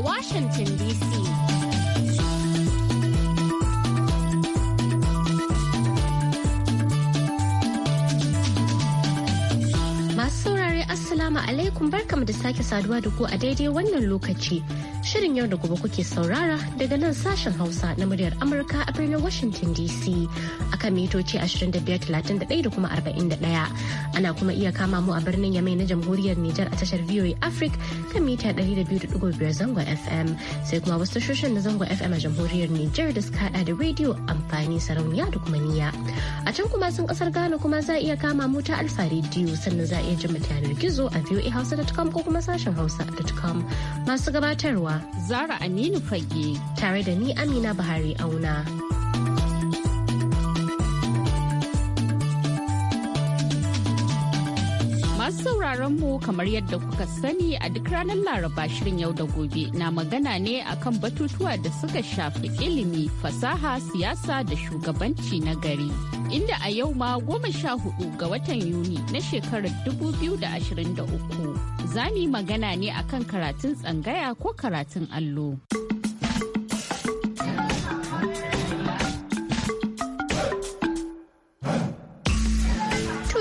a Washington DC. Assalamu alaikum barkamu da sake saduwa da ku a daidai wannan lokaci. Shirin yau da gobe kuke saurara daga nan sashen Hausa na muryar Amurka a birnin Washington DC kan mitoci 2531 da kuma 41. Ana kuma iya kama mu a birnin Yamai na Jamhuriyar Nijar a tashar VOA Africa kan mita 200.5 zango FM sai kuma wasu tashoshin na zango FM a Jamhuriyar Nijar da suka hada da rediyo amfani sarauniya da kuma niya. A can kuma sun kasar Ghana kuma za a iya kama mu ta Alfa rediyo sannan za a iya jin yanar gizo a voahausa.com ko kuma sashen hausa.com masu gabatarwa. Zara Aminu Fage. Tare da ni Amina Buhari Auna. sauraron mu kamar yadda kuka sani a duk ranar Laraba shirin yau da gobe na magana ne akan batutuwa da suka shafi ilimi, fasaha, siyasa da shugabanci na gari. Inda a yau ma goma sha hudu ga watan Yuni na shekarar dubu biyu da 2023 za mu magana ne akan karatun tsangaya ko karatun allo.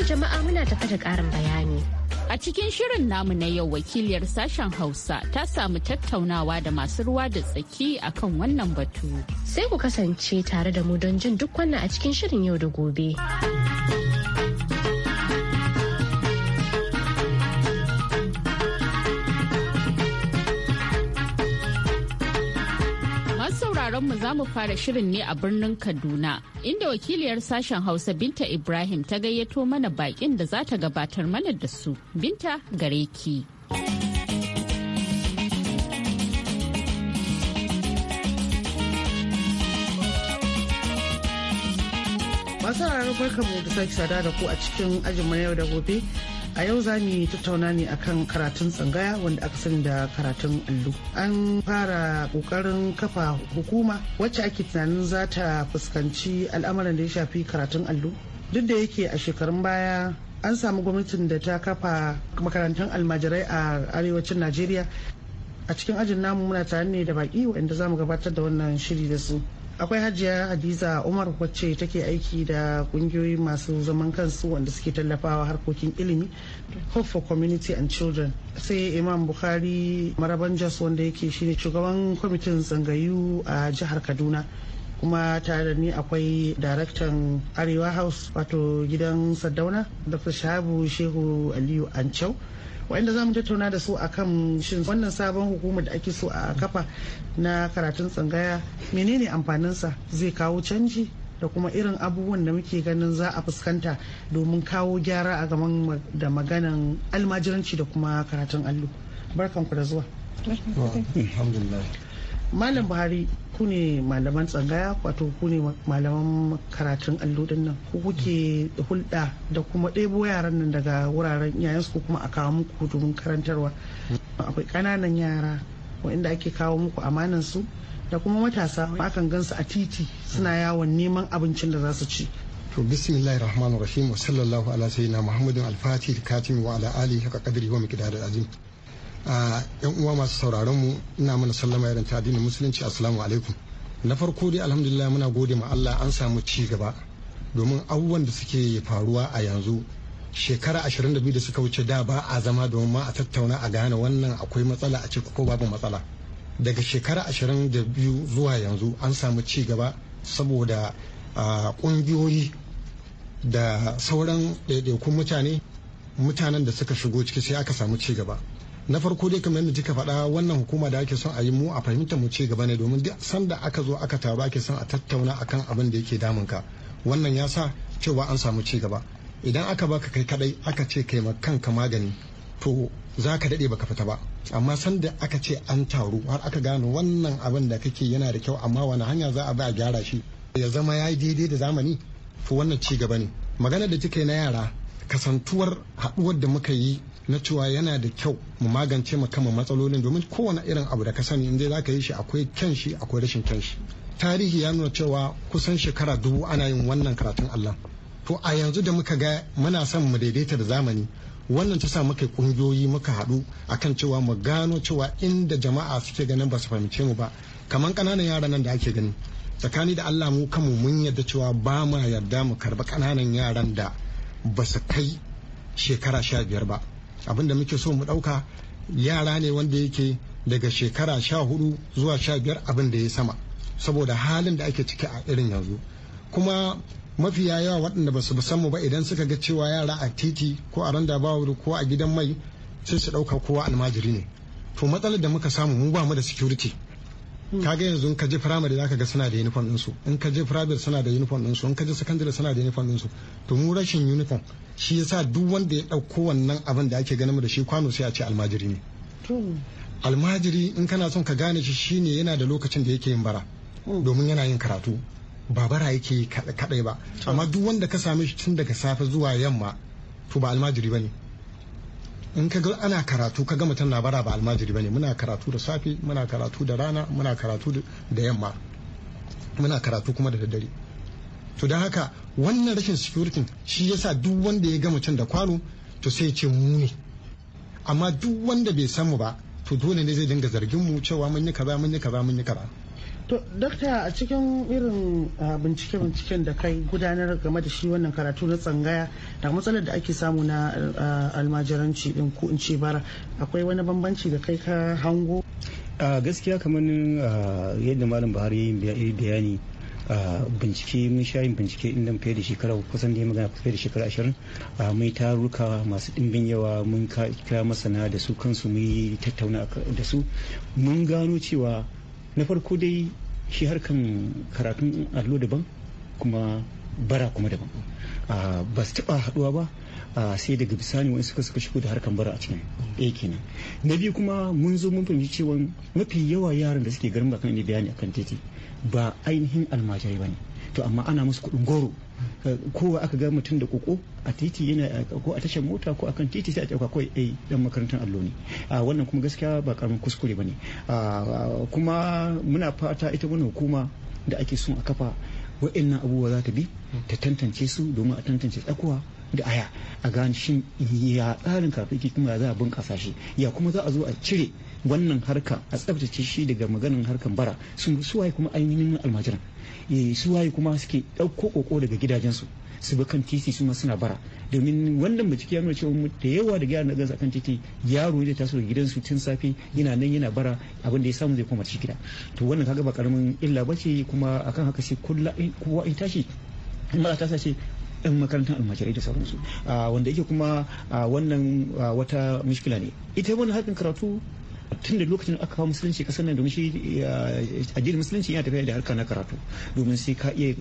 jama'a muna tafa da ƙarin bayani. A cikin shirin namu na yau wakiliyar sashen Hausa ta samu tattaunawa da masu ruwa da tsaki akan wannan batu. Sai ku kasance tare da mu don jin duk wannan a cikin shirin yau da gobe. mu za mu fara shirin ne a birnin Kaduna, inda wakiliyar sashen Hausa Binta Ibrahim ta gayyato mana bakin da za ta gabatar mana da su. Binta gare ki. Masu barkamu da sake sada da ku a cikin ajin yau da gobe. a yau za mu tattauna ne akan karatun tsangaya wanda aka sani da karatun allo an fara kokarin kafa hukuma wacce ake tunanin za ta fuskanci al'amuran da ya shafi karatun allo duk da yake a shekarun baya an samu gwamnatin da ta kafa makarantun almajirai a arewacin najeriya a cikin ajin namu muna tare ne da baki wanda za mu gabatar da wannan shiri da su akwai hajiya hadiza umar wacce take aiki da kungiyoyi masu zaman kansu wanda suke tallafawa harkokin ilimi hope for community and children sai imam bukhari maraban jos wanda yake shine shugaban kwamitin tsangayu a jihar kaduna kuma tare da ni akwai daraktan arewa house wato gidan sardauna dr shahabu shehu aliyu ancau za zamu tattauna da su akan shin wannan sabon hukumar da ake so a kafa na karatun tsangaya menene sa zai kawo canji da kuma irin abubuwan da muke ganin za a fuskanta domin kawo gyara a gaban da maganan almajiranci da kuma karatun allo barkanku da zuwa alhamdulillah malam buhari ku ne malaman tsangaya wato ku ne malaman karatun allo nan ku kuke hulɗa da kuma ɗebo yaran nan daga wuraren yayansu ko kuma a kawo muku domin karantarwa akwai ƙananan yara waɗanda ake kawo muku amanan su da kuma matasa akan gansu a titi suna yawon neman abincin da za su ci to bismillahir rahmanir rahim wa sallallahu ala sayyidina muhammadin al-fatih katim wa ala alihi haka qadri wa da azim a yan uwa masu sauraron mu ina mana sallama irin ta addinin musulunci assalamu alaikum na farko dai alhamdulillah muna gode ma Allah an samu ci gaba domin abubuwan da suke faruwa a yanzu shekara 22 da suka wuce da ba a zama domin ma a tattauna a gane wannan akwai matsala a ce ko babu matsala daga shekara 22 zuwa yanzu an samu ci gaba saboda kungiyoyi da sauran ɗaiɗaikun mutane mutanen da suka shigo ciki sai aka samu ci gaba na farko dai kamar yadda kika faɗa wannan hukuma da ake son a yi mu a fahimta mu ci gaba ne domin duk sanda aka zo aka taru ake son a tattauna akan abin da yake damun ka wannan ya sa cewa an samu ci gaba idan aka baka kai kadai aka ce kai ma kanka magani to za ka daɗe baka fita ba amma sanda aka ce an taru har aka gane wannan abin da kake yana da kyau amma wani hanya za a ba a gyara shi ya zama ya yi daidai da zamani to wannan ci gaba ne magana da kika yi na yara kasantuwar haɗuwar da muka yi na cewa yana da kyau mu magance mu kama matsalolin domin kowane irin abu da ka sani in dai zaka yi shi akwai kyan shi akwai rashin kyan shi tarihi ya nuna cewa kusan shekara dubu ana yin wannan karatun Allah to a yanzu da muka ga muna son mu daidaita da zamani wannan ta sa muka kungiyoyi muka haɗu akan cewa mu gano cewa inda jama'a suke ganin ba su fahimce mu ba kamar ƙananan yara nan da ake gani tsakani da Allah mu kanmu mun yarda cewa ba ma yarda mu karba ƙananan yaran da ba su kai shekara sha biyar ba abin da muke so mu ɗauka yara ne wanda yake daga shekara sha hudu zuwa sha biyar abin da ya sama saboda halin da ake ciki a irin yanzu kuma mafi yawa waɗanda ba su san mu ba idan suka ga cewa yara a titi ko a randa ba ko a gidan mai sai su ɗauka kowa almajiri ne to matsalar da muka samu mu ba mu da security Hmm. Ka ga yanzu in ka ji primary zaka ga suna da uniform din su in ka ji private suna da uniform din su in ka ji secondary suna da uniform din su to mu rashin uniform shi yasa duk wanda ya dauko wannan abin da ake ganin da shi kwano sai a ce almajiri ne almajiri in kana son ka gane shi shine yana da lokacin da yake yin bara hmm. domin yana yin karatu ba bara yake yi kadai ba amma duk wanda ka same shi tun daga safe zuwa yamma to ba almajiri bane in ka ga ana karatu ka ga mutum na bara ba almajiri bane muna karatu da safe muna karatu da rana muna karatu da yamma muna karatu kuma da daddare to don haka wannan rashin security shi yasa duk wanda ya ga mutum da kwano to sai ce mu ne amma duk wanda bai samu ba to dole ne zai dinga zargin mu cewa mun yi kaza mun yi kaza mun yi kaza To, Dokta a cikin irin bincike-binciken da kai gudanar game da shi wannan karatu na tsangaya da matsalar da ake samu na almajiranci din ko in ce bara akwai wani bambanci da kai ka hango? a gaskiya kamar yadda Malam Buhari ya yi bayani bincike mun sha yin bincike inda fiye da shekara kusan da ya magana fiye da shekara ashirin mun taruka masu ɗimbin yawa mun kira masana da su kansu mun yi tattauna da su mun gano cewa na farko dai shi harkan karatun allo daban kuma bara kuma daban ba su taba haduwa ba sai daga bisani wani suka suka shigo da harkan bara a cikin ɗaya eh, kenan na biyu kuma mun zo mun fahimci cewa mafi yawa yaran da suke garin bakan ne bayani akan titi ba ainihin almajirai ba ne to amma ana musu kuɗin goro kowa aka ga mutum da koko a titi yana ko a tashar mota ko akan titi sai a tsaka kawai ai eh, dan makarantar allo ne wannan kuma gaskiya ba karamin kuskure ba ne kuma muna fata ita wannan hukuma da ake son a kafa wa'annan abubuwa za ta bi ta tantance su domin a tantance tsakuwa da aya a gane shin ya tsarin kafin kuma za a bunƙasa shi ya kuma za a zo a cire wannan harka a tsaftace shi daga maganin harkan bara sun suwaye kuma ainihin almajiran eh, suwaye kuma suke ɗauko ƙoƙo daga gidajensu su bi kan titi su suna bara domin wannan bincike ya nuna cewa da yawa da gyara na gansa kan titi yaro da taso gidan gidansu tun safe yana nan yana bara abin da ya samu zai koma ci gida to wannan kaga ba karamin illa bace kuma akan haka sai eh, kowa in tashi in ba ta sace yan makarantar almajirai da sauransu ah, wanda yake kuma ah, wannan ah, wata mishkila ne ita wani harkar karatu tun da lokacin aka kawo musulunci kasar nan domin shi addinin musulunci yana tafiya da harka na karatu domin sai ka iya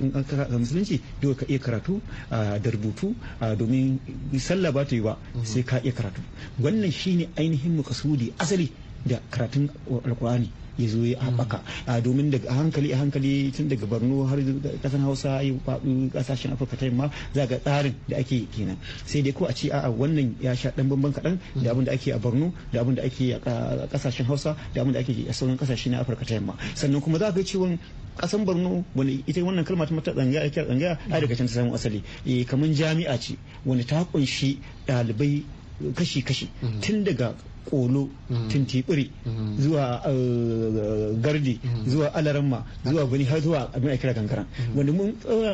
musulunci dole ka iya karatu da rubutu domin sallah ba ta yi ba mhm. sai ka iya karatu wannan shine ainihin makasudi asali da karatun alkur'ani ya zo ya haɓaka mm. domin daga hankali a hankali tun daga borno har kasan hausa ya faɗu kasashen afirka ta yamma za ga tsarin da ake kenan sai dai ko a ce a'a wannan ya sha ɗan bambam kaɗan mm. da abin da ake a borno da abin da ake a ƙasashen hausa da abin da ake a sauran ƙasashe na afirka ta yamma sannan kuma za ga wani kasan borno wani ita wannan kalma ta mata tsangaya ake tsangaya a daga can ta samu asali e, kamar jami'a ce wani ta kunshi ɗalibai kashi-kashi mm. tun daga kolo mm-hmm. tintibiri mm-hmm. zuwa uh, gardi mm-hmm. zuwa alaramma zuwa bani har zuwa abin aikira kankara wanda uh,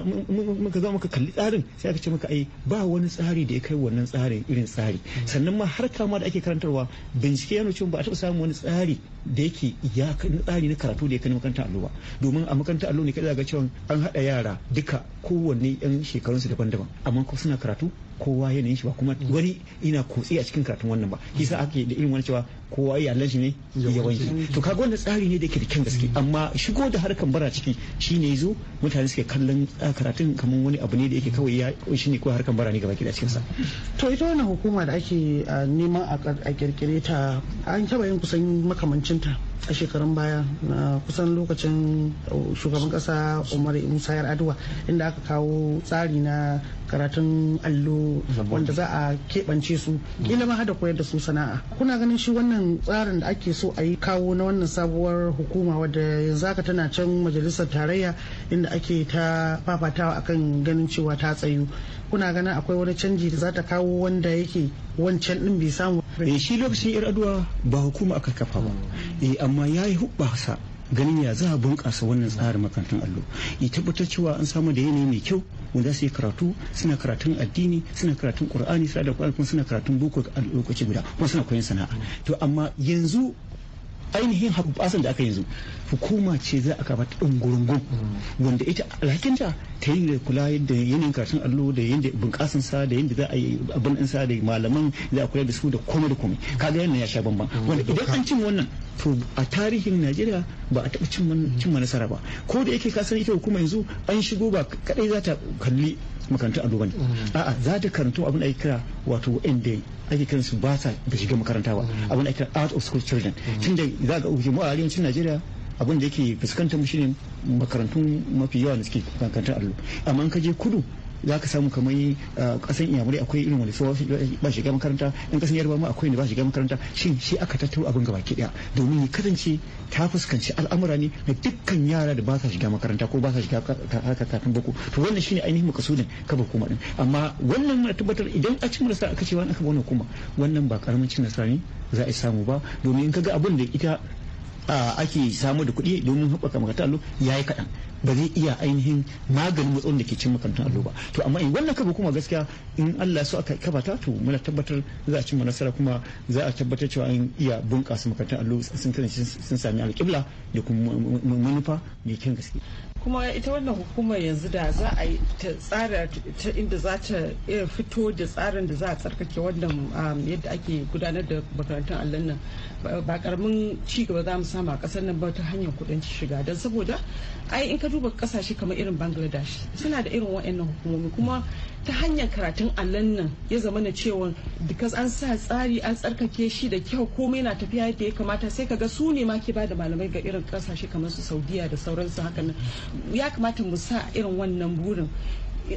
mun ka zo muka kalli tsarin sai aka ce maka ai ba wani tsari da ya kai wannan tsarin irin tsari sannan ma har kama da ake karantarwa bincike ya nuna cewa ba a taɓa samun wani tsari da yake ya tsari na karatu da ya kani makaranta allo ba domin a makaranta allo ne kada ga cewa an hada yara duka kowanne yan shekarun su daban-daban amma ko suna karatu kowa yanayin shi ba kuma wani ina kotsi a cikin karatun wannan ba kisa ake da irin wani cewa kowa iyalan shi ne yawanci to kaga wannan tsari ne da yake da kyan gaske amma shigo da harkan bara ciki shine yazo mutane suke kallon ah, karatun kamar wani abu ne da yake kawai ya kunshi ne kawai harkan bara ne gaba ki da cikin sa to ita wannan hukuma da ake ah, neman a kirkire ta an taba yin kusan makamancin a shekarun baya na kusan lokacin shugaban kasa umar musa yar aduwa inda aka kawo tsari na karatun allo wanda za a keɓance su ilimin hada koyar da su sana'a kuna ganin shi wannan tsarin da ake so a yi kawo na wannan sabuwar hukuma wadda yanzu haka tana can majalisar tarayya inda ake ta fafatawa akan ganin cewa ta tsayu kuna ganin akwai wani canji da za ta kawo wanda yake wancan din bai samu eh shi lokacin yar aduwa ba hukuma aka kafa ba eh amma yayi hubbasa ganin ya za a bunƙasa wannan tsarin makarantun allo ya tabbatar cewa an samu da yanayi mai kyau wanda su yi karatu suna karatun addini suna karatun qur'ani suna da kuma suna karatun boko a lokaci guda kuma suna koyon sana'a to amma yanzu ainihin harbasan da aka yanzu hukuma ce za a kama ta ɗungurungun wanda ita alhakinta ta yi da kula da yanayin karatun allo da yadda bunƙasan sa da yadda za a yi abin ɗinsa da malaman za a kula da su da komai da komai kaga yana ya sha bamban mm. wanda idan an cin wannan to a tarihin najeriya ba a taɓa cin nasara ba ko da yake ka san ita hukuma yanzu an shigo ba kaɗai za ta kalli makarantar ado bane mm. a'a za ta karanto abin da ake kira wato inda ake kiran su ba sa da shiga makaranta ba mm. abin da ake kira out of school children mm. tunda za ga mu a arewacin Najeriya abin da yake fuskantar mu shine makarantun mafi yawa da suke makarantar allo amma in ka je kudu za ka samu kamar kasan eh, iyamuri akwai irin wani tsawa ba shiga makaranta in kasan yarba ma akwai ne ba shiga makaranta shin shi aka tattaro abin gaba ki daya domin ya kasance ta fuskanci al'amura ne na dukkan yara da ba sa shiga makaranta ko ba sa shiga haka kafin boko to wannan shine ainihin makasudin kafa kuma din amma wannan muna tabbatar idan a cin nasara aka ce wani aka wani kuma wannan ba karamin cin nasara ne za a samu ba domin kaga abin da ita ake samu da kuɗi domin haɓaka makarantun allo ya yi kaɗan ba zai iya ainihin maganin matsalolin da ke cin makarantar allo ba to amma in wannan kaba kuma gaskiya in Allah ya so aka kabata to muna tabbatar za a cimma nasara kuma za a tabbatar cewa an iya bunƙasa makarantar allo sun sun sami alƙibla da kuma manufa mai kyan gaske kuma ita wannan hukumar yanzu da za a yi ta tsara ta inda za ta eh, fito da tsarin da za a tsarkake wannan um, yadda ake gudanar da makarantun allon nan ba karamin ci gaba za mu samu a kasar nan ba ta hanyar kudin shiga don saboda ai in ka duba kasashe kamar irin bangladesh suna da irin wa'annan hukumomi kuma ta hanyar karatun allon nan ya zama na cewa because an sa tsari an tsarkake shi da kyau komai na tafiya yadda ya kamata sai ka ga su ne ma ke ba da malamai ga irin kasashe kamar su saudiya da sauransu haka nan ya kamata mu sa irin wannan burin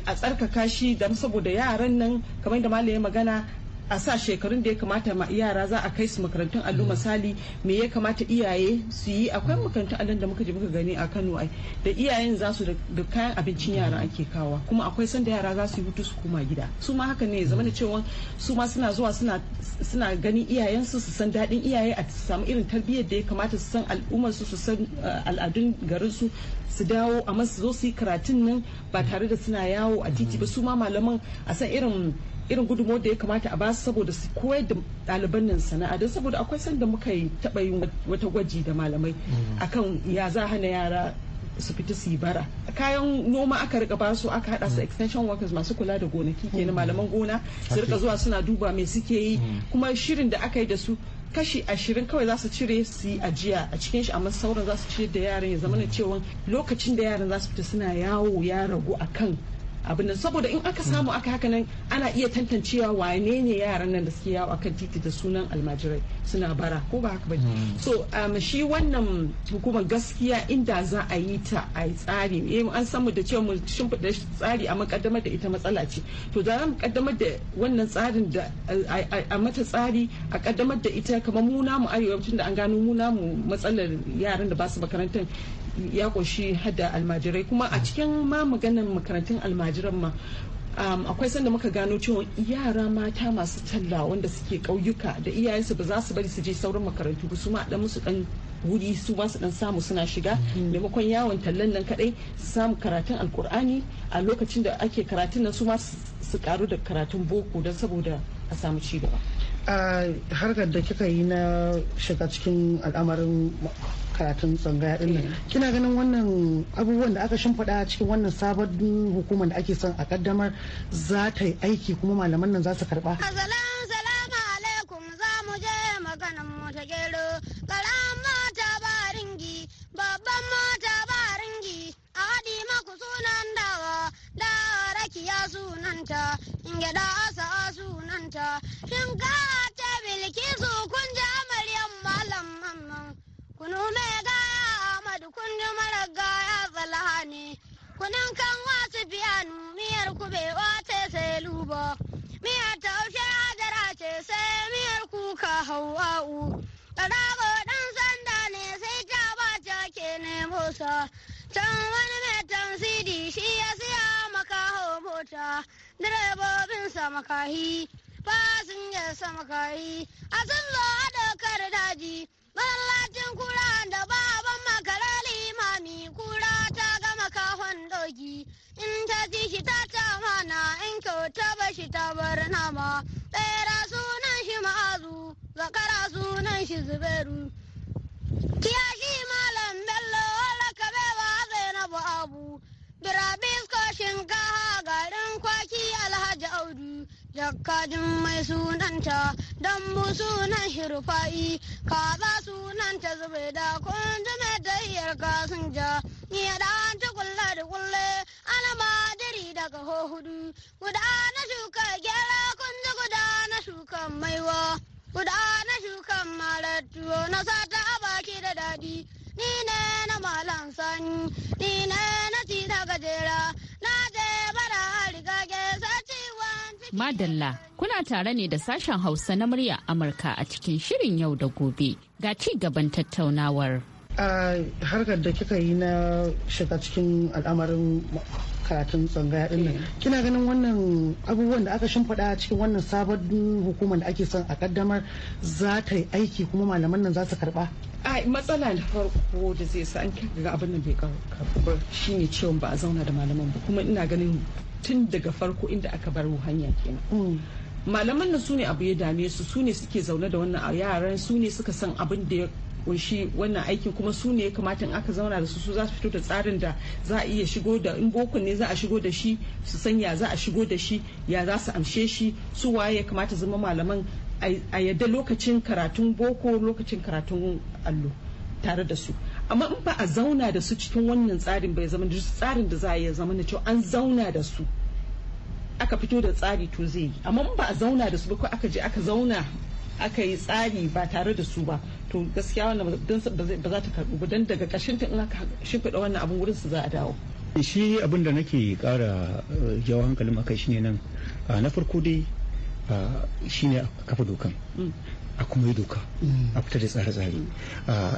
a tsarkaka shi da saboda yaran nan kamar da malam ya magana a sa shekarun da ya kamata ma yara za a kai su makarantun allo mm. misali me ya kamata iyaye su yi akwai makarantun allon da muka je muka gani a Kano ai da iyayen za su da kayan abincin mm. yara ake kawa kuma akwai sanda yara za su yi hutu su koma gida su ma haka ne zama da mm. cewa su ma suna zuwa suna suna ganin iyayensu su san daɗin iyaye a samu irin tarbiyyar da ya kamata su san al'ummar su su san eh, al'adun garin su su dawo amma su zo su yi karatun nan ba tare da suna yawo a titi ba su ma malaman a san irin irin gudunmawar da ya kamata a ba su saboda su koyar da ɗaliban nan sana'a don saboda akwai sanda muka yi taɓa yin wata gwaji da malamai mm-hmm. akan ya za hana yara su fita su yi bara kayan noma aka rika ba su aka hada su mm. extension workers masu kula da gonaki kenan mm-hmm. malaman gona su rika zuwa suna duba mai suke yi mm. kuma shirin da aka yi da su kashi ashirin kawai za su cire su ajiya a cikin shi amma sauran za su ciyar da yaran ya zama na mm. cewa lokacin da yaran za su fita suna yawo ya ragu akan abin saboda in aka samu aka haka nan ana iya tantancewa wane ne yaran nan da suke yawo akan titi da sunan almajirai suna bara ko ba haka ba hmm. so um, shi wannan hukumar gaskiya inda za a yi ta a yi tsari eh, an san mu da cewa mu shimfiɗa tsari a makaddamar da ita matsala ce to da mu kaddamar da wannan tsarin da a mata tsari a kaddamar da ita kamar mu namu arewacin da an gano mu namu matsalar yaran da ba su makarantar ya ƙunshi hada almajirai kuma a cikin ma maganan makarantun almajiran ma um, akwai sanda muka gano cewa yara mata masu talla wanda suke ƙauyuka da iyayensu ba za su bari su je sauran makarantu ba su ma dan musu dan wuri su ba su dan samu suna shiga mm-hmm. maimakon yawon tallan nan kadai su samu karatun alkur'ani a lokacin da ake karatun nan su ma su karu da karatun boko don saboda a samu ci gaba a harkar da kika yi na shiga cikin al'amarin karatun tsangaya din eh. kina ganin wannan abubuwan da aka shimfiɗa a cikin wannan sabon hukumar da ake son a kaddamar za ta yi aiki kuma malaman nan za su karba salamu alaikum za mu je maganin mu ta gero karan mata ba ringi babban mata ba ringi a haɗi maku sunan dawa da rakiya sunanta in gyaɗa asa sunanta shin ka ta kun ji Kunu mai gaya Ahmadu kundu mara gaya zalhani. Kunan kan wasu biyanu miyar kube wace sai luba. Miyar taushe hajara ce sai miyar kuka hauwa'u. Ƙarago ɗan sanda ne sai ta ba ta ke nemo sa. Can wani mai tansidi shi ya siya makaho mota. Direbobinsa makahi. Fasinjarsa makahi. A sun zo a daji. Masallacin kura da ba ban makara limami kura ta gama kahon doki. In ta ji shi ta ta mana in kyauta ba shi ta bar nama. Tsera sunan shi ma'azu, zakara sunan shi zubairu. Kiyashi malam bello wala kabe wa zainabu abu. Birabisko shinkaha garin kwaki alhaji audu. jaka mai sunanta dan mu sunan hirfa'i kaza sunan ta zube da kun ji mai dayyar kasin ja ni da ta kulle da kulle daga ho hudu guda na shuka gyara kun ji guda na shuka maiwa guda na shuka malattuwo na sata a baki da dadi ni ne na malan sani ni ne na Madalla kuna tare ne da sashen Hausa na murya Amurka a cikin shirin yau da gobe ga ci gaban tattaunawar. A harkar da kika yi na shiga cikin al'amarin karatun tsangaya din nan eh. kina ganin wannan abubuwan da aka shimfiɗa cikin wannan sabon hukumar da ake son a kaddamar za ta yi aiki kuma malaman nan za su karba a matsala na farko da zai sa an ga abin nan bai karba shine ciwon ba a zauna da malaman ba kuma ina ganin tun daga farko inda aka bar hanya kenan mm. malaman nan su ne abu ya dame su su ne suke zaune da wannan yaran su ne suka san abin da ya kunshi wannan aikin kuma su ne ya kamata in aka zauna da su su za su fito da tsarin da za a iya shigo da in bokun ne za a shigo da shi su san ya za a shigo da shi ya za su amshe shi su waye ya kamata zama malaman a yadda lokacin karatun boko lokacin karatun allo tare da su amma in ba a zauna da su cikin wannan tsarin bai zama da tsarin da za a iya zama na cewa an zauna da su aka fito da tsari to zai yi amma in ba a zauna da su ba ko aka je aka zauna aka yi tsari ba tare da su ba to gaskiya wannan ba za ta karbu ba don daga ƙarshen ta in aka shimfiɗa wannan abin wurin su za a dawo shi abin da nake kara eh, jawo hankalin akai shine nan ah, na farko dai ah, shine kafa dokan mm. a kuma yi doka a fitar da tsare-tsare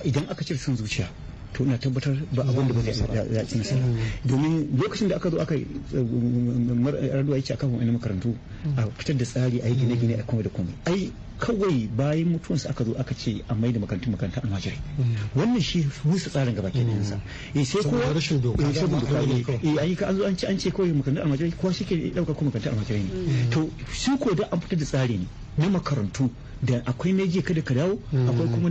idan aka cire son zuciya to na tabbatar ba abin da ba zai ci nasara domin lokacin da aka zo aka eh, raduwa a akan wani makarantu a fitar da tsari a yi gine-gine a kuma da komai ai kawai bayan mutuwansa aka zo aka ce a mai da makarantun makarantar almajirai wannan shi musu tsarin gaba ke nisa sa. Eh, sai kowa rashin doka Ya eh, rashin doka ne eh ayi ka an zo an ce an ce kawai makarantar almajirai kowa shi ke dauka ko makarantar almajirai ne mm. to shi ko da an fitar da tsari ne na makarantu da akwai na je kada ka dawo mm. akwai kuma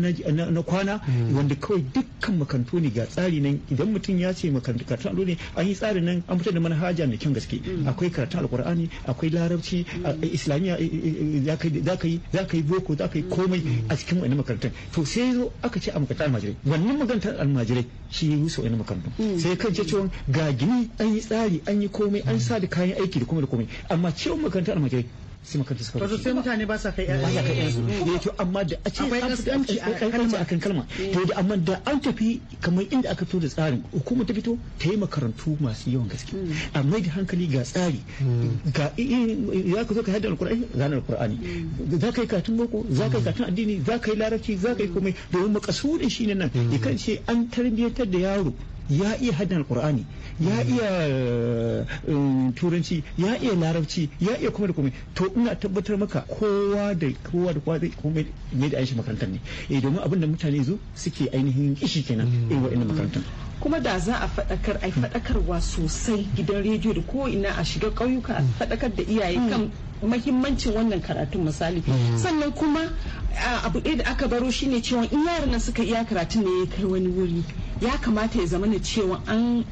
na kwana mm. wanda kawai dukkan makarantu ne ga tsari nan idan mutum ya ce makarantu karatun allo ne an yi tsarin nan an fitar da manhaja mai kyan gaske akwai karatun Alqur'ani akwai larabci islamiyya eh, za ka yi yi boko za ka yi komai a cikin wani makarantar to sai zo aka ce a makarantar almajirai wannan makarantar almajirai shi ya rusa wani makarantar mm. sai kan ce cewa ga gini an yi tsari an yi komai an sa da kayan aiki da komai da komai amma cewa makarantar almajirai sai makaranta suka rufe sai mutane ba sa kai ba sa kai yansu ne eh, to amma da a ce an fi a kan kalma eh. to da amma da an tafi kamar inda aka fito da tsarin hukuma ta fito ta yi makarantu masu yawan gaske hmm. a da hankali ga tsari hmm. ga ya eh, ka zo ka haddana alkur'ani zanar alkur'ani hmm. za ka yi katun boko za ka yi katun addini za ka yi larabci za ka yi komai domin makasudin shi ne nan ya kan ce an tarbiyyantar da yaro ya iya haddan alkur'ani ya hmm. iya eh, um, turanci ya iya larabci ya iya kuma da komai to ina tabbatar maka kowa da kowa da kowa komai ne da aishi makarantar ne eh domin abin da mutane zo suke ainihin kishi kenan eh hmm. wa'annan makarantar kuma da za a faɗakar a hmm. faɗakarwa sosai gidan rediyo da ko ina a shiga ƙauyuka a faɗakar da iyaye kan mahimmancin wannan karatun misali sannan kuma abu da aka baro shine cewa in yaran nan suka iya karatun ne ya kai wani wuri ya kamata ya zama na cewa an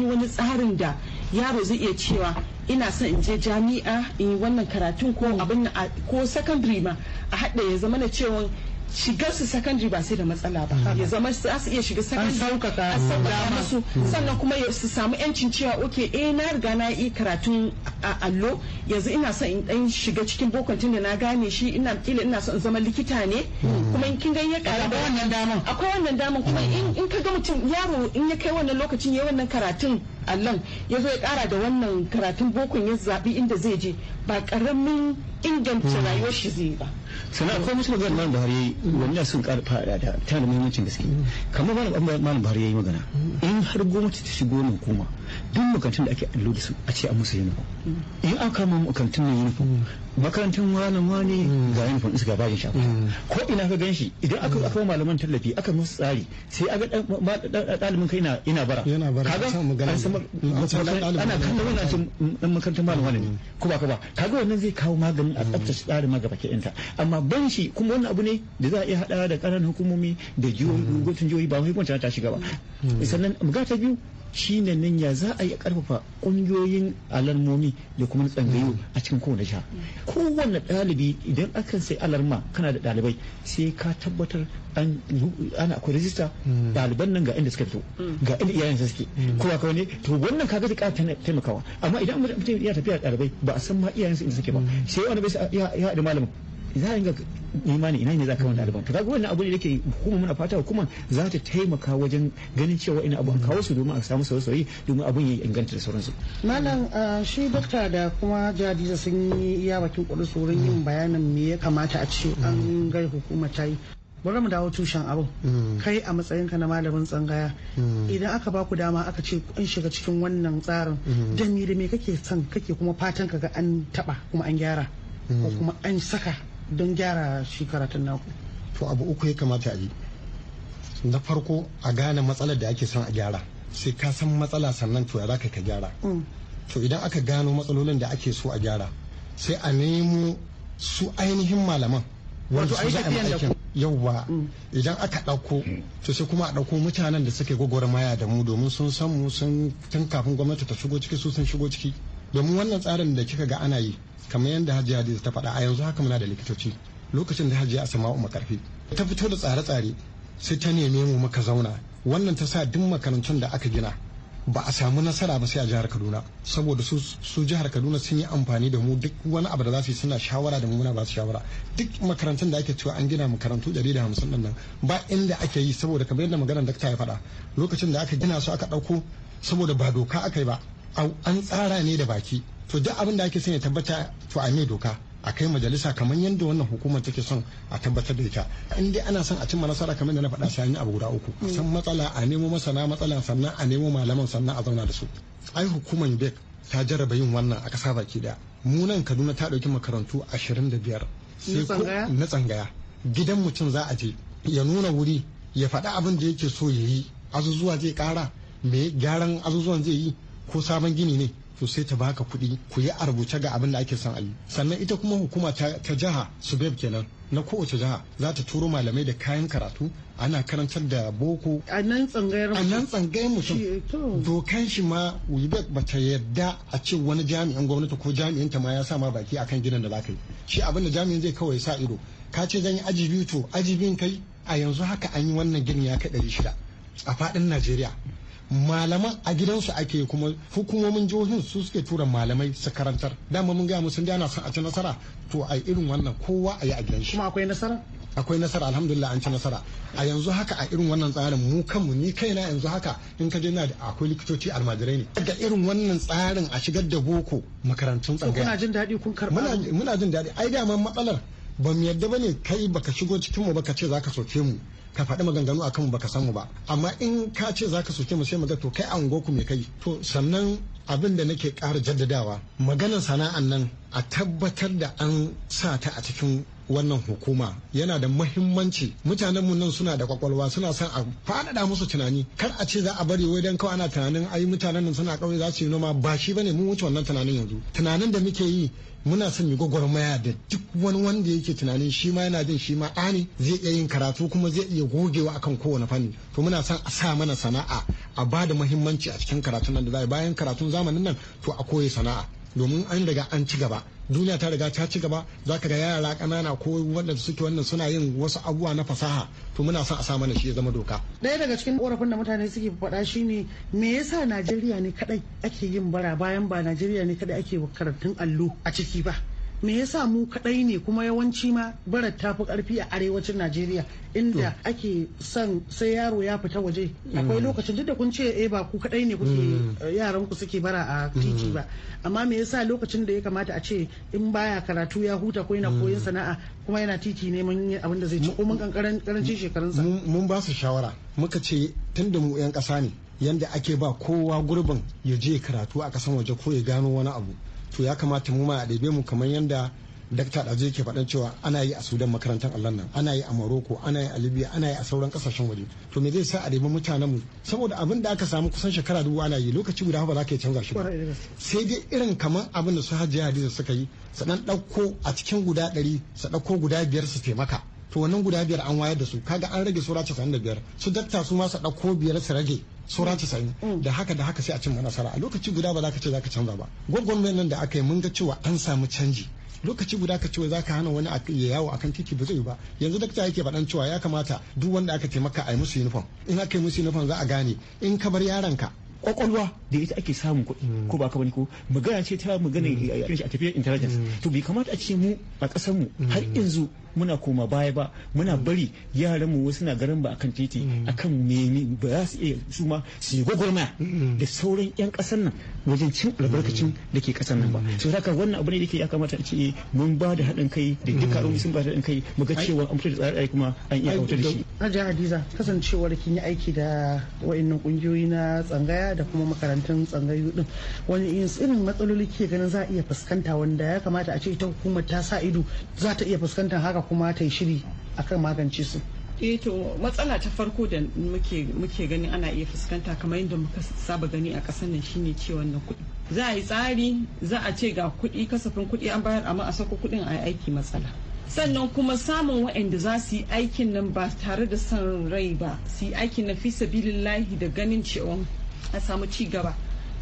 yi wani tsarin da yaro zai iya cewa ina son in je jami'a in yi wannan karatun ko abin ko secondary ma a haɗa ya zama na cewa shigar su secondary ba sai da matsala ba ya zama za su iya shiga secondary a sauƙaƙa sannan kuma su samu yancin cewa oke eh na riga na yi karatun allo yanzu ina son in dan shiga cikin bokon tunda na gane shi ina kila ina son in zama likita ne kuma in kin ga ya ƙara akwai wannan daman akwai wannan daman kuma in ka ga mutum yaro in ya kai wannan lokacin ya wannan karatun allon ya zo ya kara da wannan karatun bokun ya zaɓi inda zai je ba karamin inganta hmm. rayuwar shi zai ba sannan akwai wasu magana malam buhari yayi na sun kara fada da tana muhimmancin gaske hmm. kamar malam malam buhari yayi magana hmm. in har gwamnati ta shigo nan kuma duk makarantun da ake allo da su a ce a musu uniform in an kama makarantun nan uniform makarantun wani wani ga uniform su ga bayan shafa ko ina ka ganshi idan aka aka malaman tallafi aka musu tsari sai aga ɗalibin kai na ina bara kaga an san ana wannan dan ba ka ba kaga wannan zai kawo maganin a tsaftace tsari ma gaba inta amma ban shi kuma wannan abu ne da za a iya haɗa da ƙananan hukumomi da jihohi gwamnatin jihohi ba wai gwamnati ta shiga ba sannan ta biyu shine nan ya za a yi karfafa kungiyoyin alarmomi da kuma tsangayo mm. a cikin kowane jiha kowane ɗalibi idan aka sai alarma kana da ɗalibai sai ka tabbatar an ana akwai rajista mm. ɗaliban nan ga inda suka fito mm. ga inda iyayen su suke ko ba kawai ne to wannan kaga zai ƙara taimakawa amma idan mutum ya tafiya da ɗalibai ba a san ma iyayen su inda suke ba sai wani bai ya haɗu malamin za a ga imani ina ne za ka wani alban to kaga wannan abu ne da ke hukuma muna fata hukuma za ta taimaka wajen ganin cewa ina abu a kawo su domin a samu sauye-sauye domin abun ya inganta da sauransu malam shi dokta da kuma jadiza sun yi iya bakin kudu tsoron yin bayanin me ya kamata a ce an gai hukuma ta yi bari mu dawo tushen abu mm. kai a matsayin ka na malamin tsangaya mm. idan aka baku dama aka ce kun shiga cikin wannan tsarin mm. da me da me kake son kake kuma fatan ka ga an taba kuma an gyara ko kuma an saka don gyara shi karatun naku to abu uku ya kamata a yi na farko a gane matsalar da ake son a gyara sai ka san matsala sannan to ya za ka gyara mm. to idan aka gano matsalolin da ake so a gyara sai a nemo su ainihin malaman wato aikin yauwa mm. idan aka ɗauko to sai kuma a ɗauko mutanen da suke gwagwarmaya da mu domin sun san mu sun tun kafin gwamnati ta shigo ciki su sun shigo ciki domin wannan tsarin da kika ga ana yi kamar yadda hajiya hadiza ta faɗa a yanzu haka muna da likitoci lokacin da hajiya asama'u makarfi ta fito da tsare-tsare sai ta neme mu muka zauna wannan ta sa duk makarantun da aka gina ba a samu nasara ba sai a jihar kaduna saboda su jihar kaduna sun yi amfani da mu duk wani abu da za su yi suna shawara da mu muna ba su shawara duk makarantun da ake cewa an gina makarantu 150 din nan ba inda ake yi saboda kamar yadda maganar dakta ya faɗa lokacin da aka gina su aka ɗauko saboda ba doka aka yi ba an tsara ne da baki to duk abin da ake son ya tabbata to a mai doka a kai majalisa kamar yadda wannan hukumar take son a tabbatar da ita in dai ana son a cimma nasara kamar da na faɗa sai abu guda uku a san matsala a nemo masana matsala sannan a nemo malaman sannan a zauna da su ai hukumar Bek ta jarraba yin wannan a ƙasa baki daya mu nan kaduna ta ɗauki makarantu 25 na tsangaya gidan mutum za a je ya nuna wuri ya faɗa abin da yake so ya yi azuzuwa zai ƙara me gyaran azuzuwan zai yi ko sabon gini ne to sai ta baka kuɗi ku yi a rubuce ga abin da ake son a yi sannan ita kuma hukuma ta jiha subeb kenan na kowace jiha za ta turo malamai da kayan karatu ana karantar da boko a nan tsangayar mutum dokan shi ma wibek ba ta yarda a ce wani jami'in gwamnati ko jami'in ta ma ya sa ma baki akan gidan da za ka yi shi abin da jami'in zai kawai sa ido ka ce zan yi aji biyu to aji biyun kai a yanzu haka an yi wannan gini ya kai ɗari shida a faɗin najeriya malaman a gidansu ake kuma hukumomin jihohin su suke tura malamai su karantar dama mun gaya musu ana son a ci nasara to a irin wannan kowa a yi a gidan shi kuma akwai nasara akwai nasara alhamdulillah an ci nasara a yanzu haka a irin wannan tsarin mu kanmu ni kaina yanzu haka in ka je na da akwai likitoci almajirai ne daga irin wannan tsarin a shigar da boko makarantun tsangaya muna jin daɗi kun karɓa muna jin daɗi ai da matsalar ba mu yarda ba ne kai ba ka shigo cikin mu ka ce zaka soke mu ka faɗi maganganu akan mu baka san mu ba amma in ka ce zaka soke mu sai mu to kai an goku me kai to sannan abin da nake ƙara jaddadawa maganar sana'an nan a tabbatar da an sa ta a cikin wannan hukuma yana da mahimmanci mutanen mu nan suna da kwakwalwa suna son a faɗaɗa musu tunani kar a ce za a bari wai dan kawai ana tunanin ai mutanen nan suna ƙauye za su yi noma ba shi bane mun wuce wannan tunanin yanzu tunanin da muke yi muna son mu gwagwarmaya da duk wani wanda yake tunanin shi ma yana jin shi ma ani zai iya yin karatu kuma zai iya gogewa akan kowane fanni to muna son a sa mana sana'a a ba da muhimmanci a cikin karatun nan da za bayan karatun zamanin nan to a koyi sana'a domin an riga an ci gaba duniya ta riga ta ci gaba za ka ga yara kanana ko waɗanda suke wannan suna yin wasu abubuwa na fasaha to muna son a sa mana shi ya zama doka ɗaya daga cikin ƙorafin da mutane suke faɗa shi ne me yasa najeriya ne kadai ake yin bara bayan ba najeriya ne kaɗai ake karatun allo a ciki ba me yasa mu kadai ne kuma yawanci ma barat ta fi karfi a arewacin najeriya inda ake son sai yaro ya fita waje mm. akwai lokacin duk da kun ce eh, ba ku kadai ne kuke mm. eh, yaran ku suke bara a mm. titi ba amma me yasa lokacin da ya kamata a ce in baya karatu ya huta ko yana koyon sana'a kuma yana titi neman abin da zai ci ko mun kankaran karancin sa. mun ba su shawara muka ce tunda mu yan kasa ne yanda ake ba kowa gurbin ya je karatu a kasan waje ko ya gano wani abu to ya kamata mu ma a ɗebe mu kamar yadda dakta ɗazu ke faɗan cewa ana yi a sudan makarantar allon nan ana yi a maroko ana yi a libya ana yi a sauran kasashen waje to me zai sa a mutanen mu. saboda abin da aka samu kusan shekara dubu ana yi lokaci guda ba za ka canza shi ba sai dai irin kamar abin da su hajji hadiza suka yi su ɗan ɗauko a cikin guda ɗari su ɗauko guda biyar su taimaka to wannan guda biyar an wayar da su kaga an rage sura casa'in da biyar su dakta su ma su ɗauko biyar su rage sauran casa'in mm. da haka da haka sai a cin nasara a lokaci guda ba za ka ce za ka canza ba gwagwarmayar nan da aka yi mun ga cewa an samu canji lokaci guda ka cewa za ka hana wani ya yawo kan titi ba zai ba yanzu dakta yake faɗan cewa ya kamata duk wanda aka taimaka a yi musu uniform in aka yi musu uniform za a gane in ka bar yaranka kwakwalwa da ita ake samu. kuɗi ko ba ka bani ko magana ce ta magana mm. a tafiya intelligence mm. to bai kamata a ce mu a ƙasar mu har yanzu muna koma baya ba muna mm. bari yaran mu wasu na garin ba akan titi mm. akan meme ba za su iya su ma su yi gwagwarmaya da sauran yan kasar nan wajen cin albarkacin mm. da ke kasar nan ba so haka wannan abu ne da ke ya kamata a ce mun ba da haɗin kai da duka sun ba da haɗin kai mu ga cewa an fito da tsare kuma an iya kautar da shi Aja Hadiza kasancewar kin yi aiki da wa'annan kungiyoyi na tsangaya da kuma makarantun tsangayu din wani irin matsaloli ke ganin za a iya fuskanta wanda ya kamata a ce ita hukumar ta sa ido za ta iya fuskantar haka haka kuma ta yi shiri akan magance su eh to matsala ta farko da muke ganin gani ana iya fuskanta kamar yadda muka saba gani a ƙasar nan shine ce wannan kuɗi za a yi tsari za a ce ga kuɗi kasafin kuɗi an bayar amma a sako kuɗin a aiki matsala sannan kuma samun waɗanda za su yi aikin nan ba tare da son rai ba su yi aikin na fi sabilillahi da ganin cewa a samu ci gaba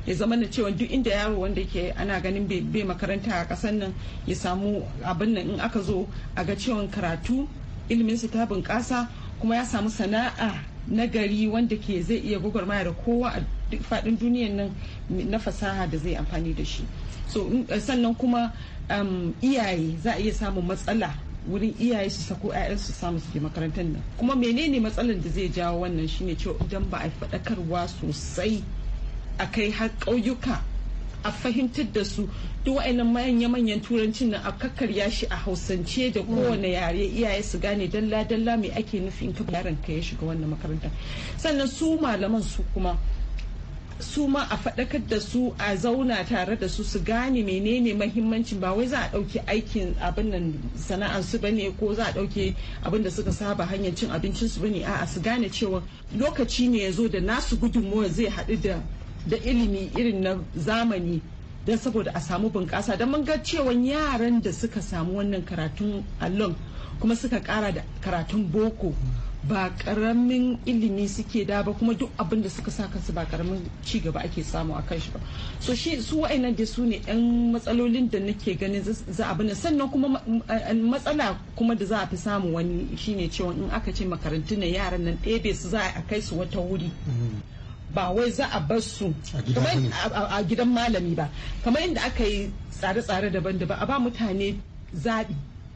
ya zama na cewa duk inda yaro wanda ke ana ganin bai makaranta a kasan nan ya samu abin nan in aka zo a ga cewa karatu iliminsu ta bunƙasa kuma ya samu sana'a na gari wanda ke zai iya gwagwarmaya da kowa a duk faɗin duniyan nan na fasaha da zai amfani da shi so eh, sannan kuma um, iyaye za a iya samun matsala wurin iyaye su sako 'ya'yan su samu su je makarantar nan kuma menene matsalar da zai jawo wannan shine cewa idan ba a faɗakarwa sosai a kai har ƙauyuka a fahimtar da su duk wa'annan manya-manyan turancin nan a kakkarya shi a hausance da kowane yare iyaye su gane dalla-dalla mai ake nufi in ka yaron ka ya shiga wannan makaranta sannan su malaman su kuma su ma a faɗakar da su a zauna tare da su su gane menene mahimmancin ba wai za a ɗauki aikin abin nan sana'ar su bane ko za a ɗauki abin da suka saba hanyar cin abincin su bane a'a su gane cewa lokaci ne ya zo da nasu gudunmuwa zai haɗu da da ilimi irin na zamani don saboda a samu bunƙasa don mun ga cewa yaran da suka samu wannan karatun allon kuma suka kara da karatun boko ba karamin ilimi suke da ba kuma duk abin da suka sa kansu ba karamin ci gaba ake samu a kan shi ba so shi su wa'annan da su ne yan matsalolin da nake ganin za a bane sannan kuma eh, matsala kuma da za a fi samu wani shine cewa in aka ce makarantun yaran nan ɗebe su za a kai su wata wuri mm-hmm. ba wai za a bar su a gidan malami ba kamar inda aka yi tsare-tsare daban-daban a ba mutane zaɓi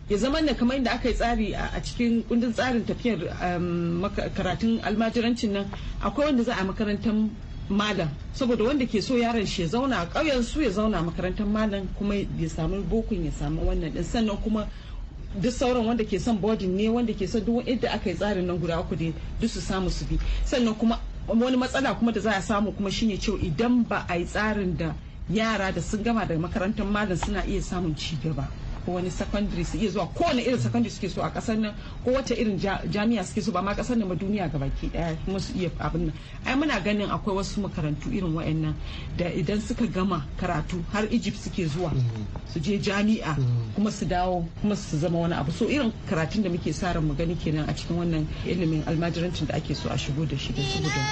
ya zama ne kamar inda aka yi tsari a cikin kundin tsarin tafiyar um, karatun almajirancin nan akwai wanda za a makarantar malam saboda wanda ke so yaron shi ya zauna a ƙauyen su ya zauna a makarantar malam kuma ya samu bokun ya samu wannan din sannan kuma duk sauran wanda ke son boarding ne wanda ke son duk yadda aka yi tsarin nan guda uku ne duk su samu su bi sannan kuma wani matsala kuma da za a samu kuma shine cewa idan ba a yi tsarin da yara da sun gama daga makarantar malam suna iya samun ci gaba ko wani secondary su iya zuwa kowane irin secondary suke so a kasar nan ko wata irin jami'a suke so ba ma kasar nan ba duniya ga baki daya kuma su iya abin nan ai muna ganin akwai wasu makarantu irin wayannan da idan suka gama karatu har Egypt suke zuwa su je jami'a kuma su dawo kuma su zama wani abu so irin karatun da muke sa ran mu gani kenan a cikin wannan ilimin almajirancin da ake so a shigo da shi da su gudun.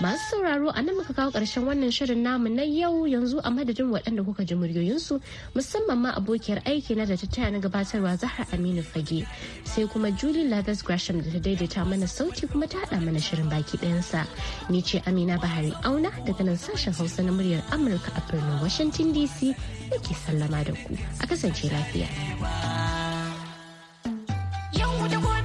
Masu sauraro a nan muka kawo ƙarshen wannan shirin namu na yau yanzu a madadin waɗanda kuka ji muryoyinsu musamman ma abokiyar aiki na da ta taya na gabatarwa Zahra Aminu Fage sai kuma Julie Lathers Gresham da ta daidaita mana sauti kuma ta haɗa mana shirin baki ɗayansa. Ni ce Amina Bahari Auna daga nan sashen Hausa na muryar Amurka a birnin Washington DC nake sallama da ku a kasance lafiya. Yau